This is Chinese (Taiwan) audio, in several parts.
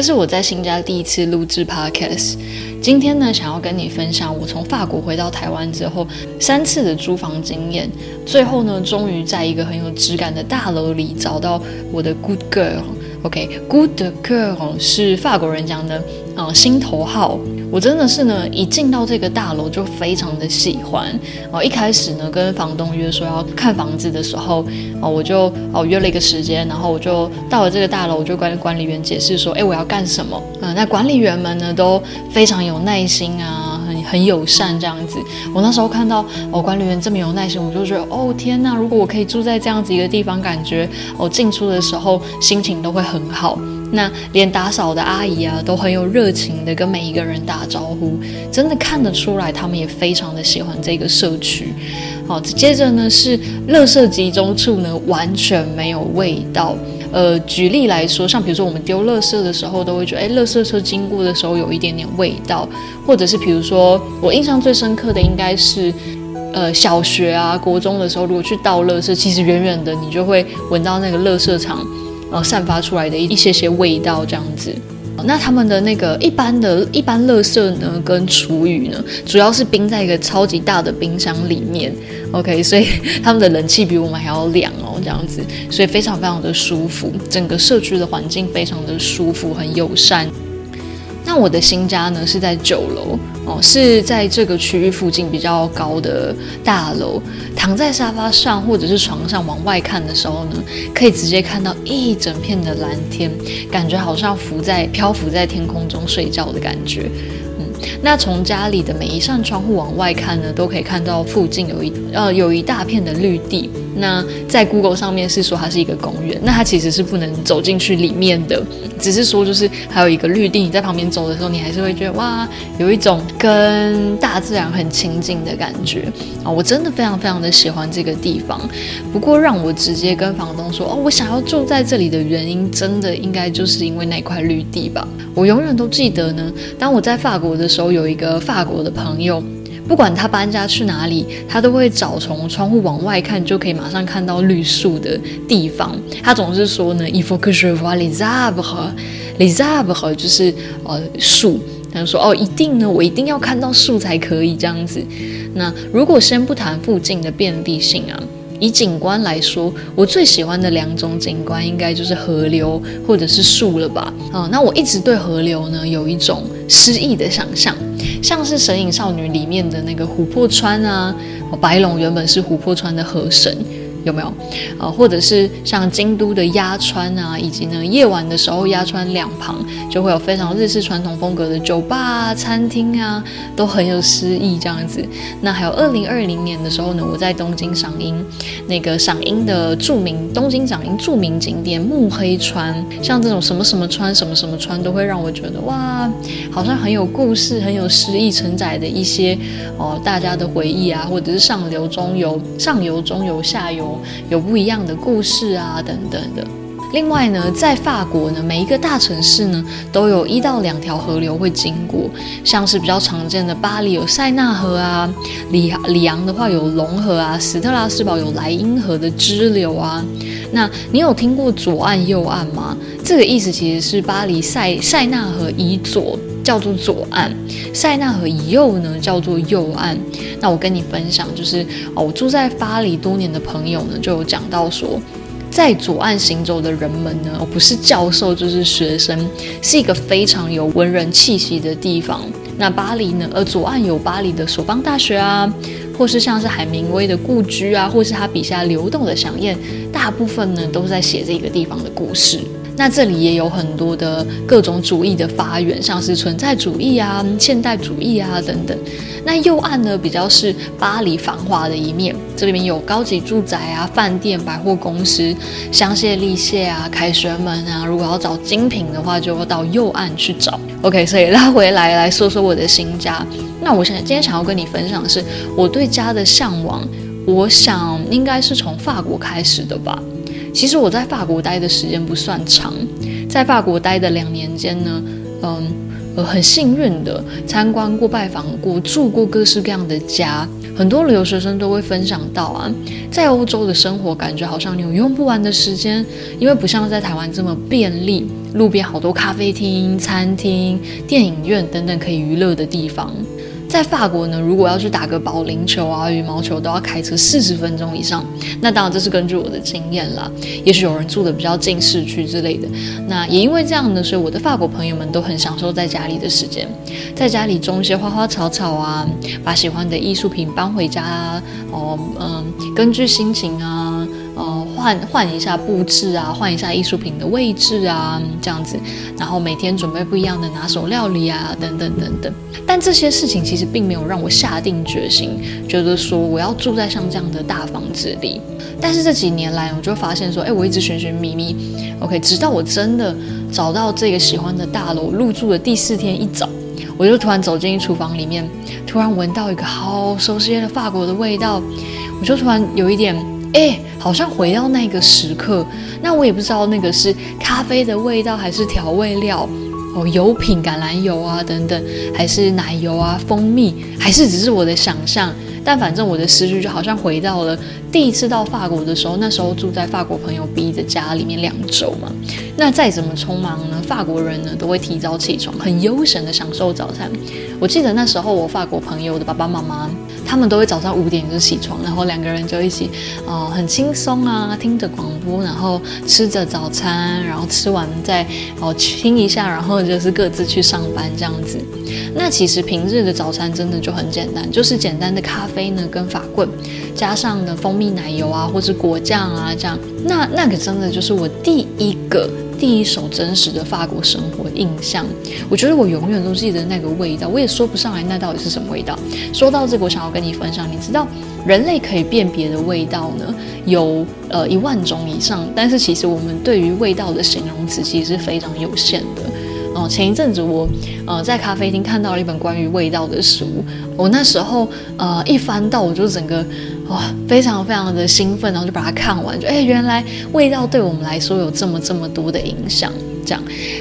這是我在新家第一次錄製 Podcast。今天呢，想要跟你分享我從法國回到台灣之後三次的租房經驗，最後呢，終於在一個很有質感的大樓裡找到我的 Good Girl。OK，Good、okay, girl 是法國人講的啊，心、呃、頭好。我真的是呢，一進到這個大樓就非常的喜歡。哦、呃，一開始呢，跟房東約說要看房子的時候，哦、呃，我就哦、呃、約了一個時間，然後我就到了這個大樓，我就跟管、管理員解釋說，哎、欸，我要幹什麼？嗯、呃，那管理員們呢都非常有耐心啊。很友善這樣子，我那時候看到哦管理員這麼有耐心，我就覺得哦天哪，如果我可以住在這樣子一個地方，感覺我哦，進出的時候心情都會很好。那連打掃的阿姨啊都很有熱情的跟每一個人打招呼，真的看得出來他們也非常的喜歡這個社區。好、哦，接着呢是垃圾集中處呢完全沒有味道。呃，舉例來說，像比如說我們丟垃圾的時候，都會覺得，哎、欸，垃圾車經過的時候有一點點味道，或者是比如說我印象最深刻的應該是，呃，小學啊、國中的時候，如果去倒垃圾，其實遠遠的你就會聞到那個垃圾場，呃，散發出來的一些些味道這樣子。那他們的那個一般的一般垃圾呢，跟廚餘呢，主要是冰在一個超級大的冰箱裡面，OK，所以他們的冷氣比我們還要涼哦。這樣子，所以非常非常的舒服，整個社區的環境非常的舒服，很友善。那我的新家呢，是在九樓哦，是在這個區域附近比較高的大樓。躺在沙發上或者是床上往外看的時候呢，可以直接看到一整片的藍天，感覺好像浮在，漂浮在天空中睡覺的感覺。嗯，那從家裡的每一扇窗戶往外看呢，都可以看到附近有一，呃，有一大片的綠地。那在 Google 上面是說它是一個公園，那它其實是不能走進去裡面的，只是說就是還有一個綠地，你在旁邊走的時候，你還是會覺得哇，有一種跟大自然很親近的感覺啊，哦！我真的非常非常的喜歡這個地方。不過讓我直接跟房東說哦，我想要住在這裡的原因，真的應該就是因為那塊綠地吧？我永遠都記得呢，當我在法國的時候，有一個法國的朋友。不管他搬家去哪裡，他都會找從窗戶往外看就可以馬上看到綠樹的地方。他總是說呢 Il faut que je voie les arbres. Les arbres 就是呃樹。他就說：“哦，一定呢，我一定要看到樹才可以這樣子。那”那如果先不談附近的便利性啊，以景觀來說，我最喜歡的兩種景觀應該就是河流或者是樹了吧？啊、呃，那我一直對河流呢有一種。詩意的想象，像是《神隱少女》裡面的那個琥珀川啊，白龍原本是琥珀川的河神。有沒有？呃，或者是像京都的鴨川啊，以及呢夜晚的時候，鴨川兩旁就會有非常日式傳統風格的酒吧、啊、餐廳啊，都很有詩意這樣子。那還有二零二零年的時候呢，我在東京賞櫻，那個賞櫻的著名東京賞櫻著名景點目黑川，像這種什麼什麼川、什麼什麼川，都會讓我覺得哇，好像很有故事、很有詩意承載的一些哦、呃、大家的回憶啊，或者是上游、中游、上游、中游、下游，有不一樣的故事啊，等等的。另外呢，在法國呢，每一個大城市呢，都有一到兩條河流會經過，像是比較常見的巴黎有塞納河啊，里里昂的話有隆河啊，斯特拉斯堡有萊茵河的支流啊。那你有聽過左岸右岸嗎？這個意思其實是巴黎塞塞納河以左叫做左岸，塞納河以右呢叫做右岸。那我跟你分享，就是哦，我住在巴黎多年的朋友呢，就有講到說，在左岸行走的人們呢，哦不是教授就是學生，是一個非常有文人氣息的地方。那巴黎呢？而左岸有巴黎的索邦大學啊，或是像是海明威的故居啊，或是他筆下流動的饗宴，大部分呢都是在寫這個地方的故事。那這裡也有很多的各種主義的發源，像是存在主義啊、現代主義啊等等。那右岸呢，比較是巴黎繁華的一面，這裡面有高級住宅啊、飯店、百貨公司、香榭麗舍啊、凱旋門啊。如果要找精品的話，就會到右岸去找。OK，所以拉回來來說說我的新家。那我想今天想要跟你分享的是我對家的嚮往，我想應該是從法國開始的吧。其實我在法國待的時間不算長，在法國待的兩年間呢，嗯，我很幸運的參觀過、拜訪過、住過各式各樣的家。很多留學生都會分享到啊，在歐洲的生活感覺好像你有用不完的時間，因為不像在台灣這麼便利，路邊好多咖啡廳、餐廳、電影院等等可以娛樂的地方。在法國呢，如果要去打個保齡球啊、羽毛球，都要開車四十分鐘以上。那當然這是根據我的經驗啦。也許有人住的比較近市區之類的，那也因為這樣呢，所以我的法國朋友們都很享受在家裡的時間，在家裡種一些花花草草啊，把喜歡的藝術品搬回家啊，哦，嗯，根據心情啊。換換一下布置啊，換一下藝術品的位置啊，這樣子，然後每天準備不一樣的拿手料理啊，等等等等。但這些事情其實並沒有讓我下定決心，覺得說我要住在像這樣的大房子裡。但是這幾年來，我就發現說，誒，我一直尋尋覓覓，OK，直到我真的找到這個喜歡的大樓，入住的第四天一早，我就突然走進廚房裡面，突然聞到一個好熟悉的法國的味道，我就突然有一點。哎，好像回到那個時刻，那我也不知道那個是咖啡的味道還是調味料，哦，油品橄欖油啊等等，還是奶油啊蜂蜜，還是只是我的想象。但反正我的思緒就好像回到了第一次到法國的時候，那時候住在法國朋友逼着家裡面兩周嘛，那再怎麼匆忙呢，法國人呢都會提早起床，很悠閒的享受早餐。我記得那時候我法國朋友的爸爸媽媽。他們都會早上五點就起床，然後兩個人就一起，呃，很輕鬆啊，聽着廣播，然後吃着早餐，然後吃完再哦親一下，然後就是各自去上班這樣子。那其實平日的早餐真的就很簡單，就是簡單的咖啡呢，跟法棍，加上呢蜂蜜奶油啊，或是果醬啊這樣。那那可真的就是我第一個。第一手真實的法國生活印象，我覺得我永遠都記得那個味道，我也說不上來那到底是什麼味道。說到這個，我想要跟你分享，你知道人類可以辨別的味道呢，有呃一萬種以上，但是其實我們對於味道的形容詞其實是非常有限的。哦，前一陣子我，呃，在咖啡廳看到了一本關於味道的書，我那時候，呃，一翻到我就整個，哇，非常非常的興奮，然後就把它看完，就誒，原來味道對我們來說有這麼這麼多的影響。這樣，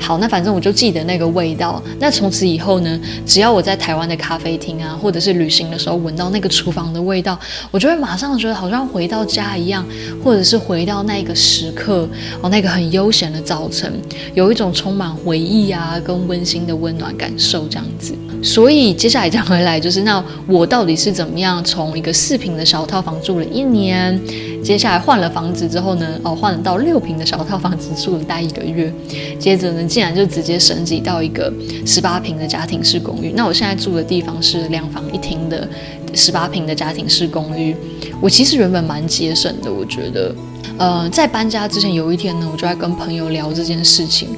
好，那反正我就記得那個味道。那從此以後呢，只要我在台灣的咖啡廳啊，或者是旅行的時候聞到那個廚房的味道，我就會馬上覺得好像回到家一樣，或者是回到那個時刻，哦，那個很悠閒的早晨，有一種充滿回憶啊跟溫馨的溫暖感受，這樣子。所以接下來講回來，就是那我到底是怎麼樣從一個四坪的小套房住了一年，接下來換了房子之後呢？哦，換了到六坪的小套房子住了大概一個月，接着呢竟然就直接升級到一個十八坪的家庭式公寓。那我現在住的地方是兩房一廳的十八坪的家庭式公寓。我其實原本蠻節省的，我覺得，呃，在搬家之前，有一天呢，我就在跟朋友聊這件事情，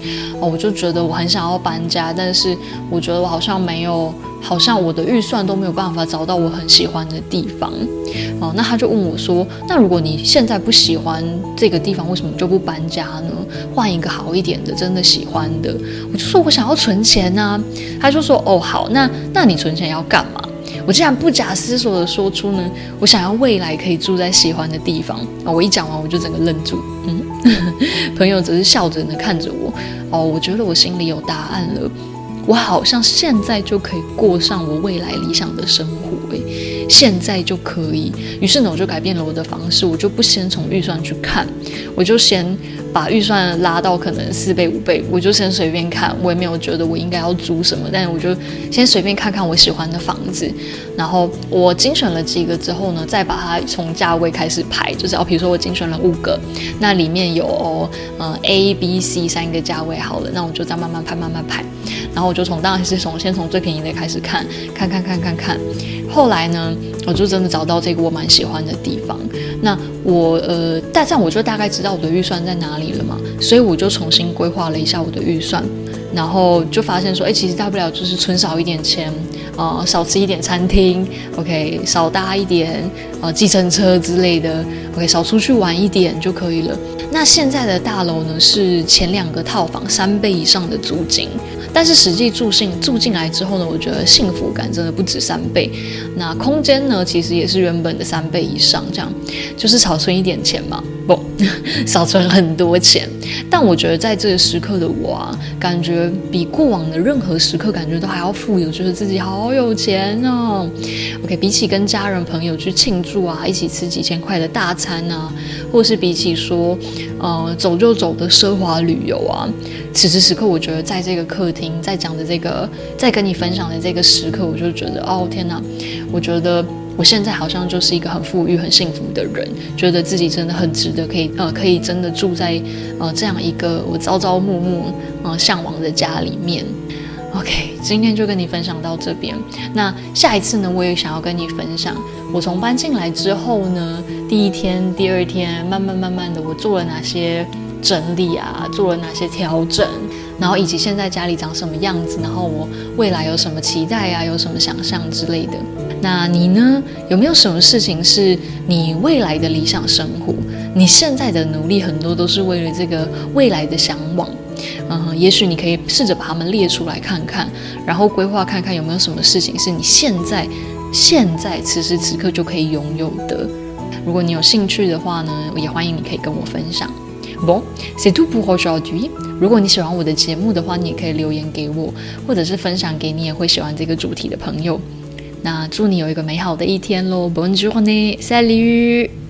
哦，我就覺得我很想要搬家，但是我覺得我好像沒有，好像我的預算都沒有辦法找到我很喜歡的地方，哦，那他就問我說，那如果你現在不喜歡這個地方，為什麼就不搬家呢？換一個好一點的，真的喜歡的。我就說我想要存錢啊，他就說，哦，好，那那你存錢要幹嘛？我竟然不假思索的說出呢，我想要未來可以住在喜歡的地方啊，哦！我一講完我就整個愣住，嗯， 朋友只是笑着的看着我，哦，我覺得我心裡有答案了，我好像現在就可以過上我未來理想的生活，欸，誒，現在就可以。於是呢，我就改變了我的方式，我就不先從預算去看，我就先。把預算拉到可能四倍五倍，我就先隨便看，我也沒有覺得我應該要租什麼，但我就先隨便看看我喜歡的房子。然後我精選了幾個之後呢，再把它從價位開始排，就是哦，比如說我精選了五個，那裡面有嗯、呃、A、B、C 三個價位好了，那我就再慢慢排，慢慢排。然後我就從當然是從先從最便宜的開始看，看，看，看，看，看，看。後來呢，我就真的找到這個我蠻喜歡的地方。那。我呃，但這樣我就大概知道我的預算在哪裡了嘛，所以我就重新規劃了一下我的預算，然後就發現說，哎、欸，其實大不了就是存少一點錢，啊、呃，少吃一點餐廳，OK，少搭一點啊，計程車之類的，OK，少出去玩一點就可以了。那現在的大樓呢，是前兩個套房三倍以上的租金。但是實際住進住進來之後呢，我覺得幸福感真的不止三倍，那空間呢，其實也是原本的三倍以上，這樣就是少存一點錢嘛。不，少存很多錢，但我覺得在這個時刻的我啊，感覺比過往的任何時刻感覺都還要富有，就是自己好有錢哦。OK，比起跟家人朋友去慶祝啊，一起吃幾千塊的大餐啊，或是比起說，呃，走就走的奢華旅遊啊，此時此刻我覺得在這個客廳，在講的這個，在跟你分享的這個時刻，我就覺得，哦天哪，我覺得。我現在好像就是一個很富裕、很幸福的人，覺得自己真的很值得，可以呃，可以真的住在呃這樣一個我朝朝暮暮呃，嚮往的家裡面。OK，今天就跟你分享到這邊。那下一次呢，我也想要跟你分享我從搬進來之後呢，第一天、第二天，慢慢慢慢的，我做了哪些整理啊，做了哪些調整，然後以及現在家裡長什麼樣子，然後我未來有什麼期待啊，有什麼想象之類的。那你呢？有沒有什麼事情是你未來的理想生活？你現在的努力很多都是為了這個未來的嚮往。嗯，也許你可以試着把它們列出來看看，然後規劃看看有沒有什麼事情是你現在、現在、此時此刻就可以擁有的。如果你有興趣的話呢，也歡迎你可以跟我分享。不，誰都不好說。如果你喜歡我的節目的話，你也可以留言給我，或者是分享給你也會喜歡這個主題的朋友。那祝你有一個美好的一天咯。Bonne journée, salut.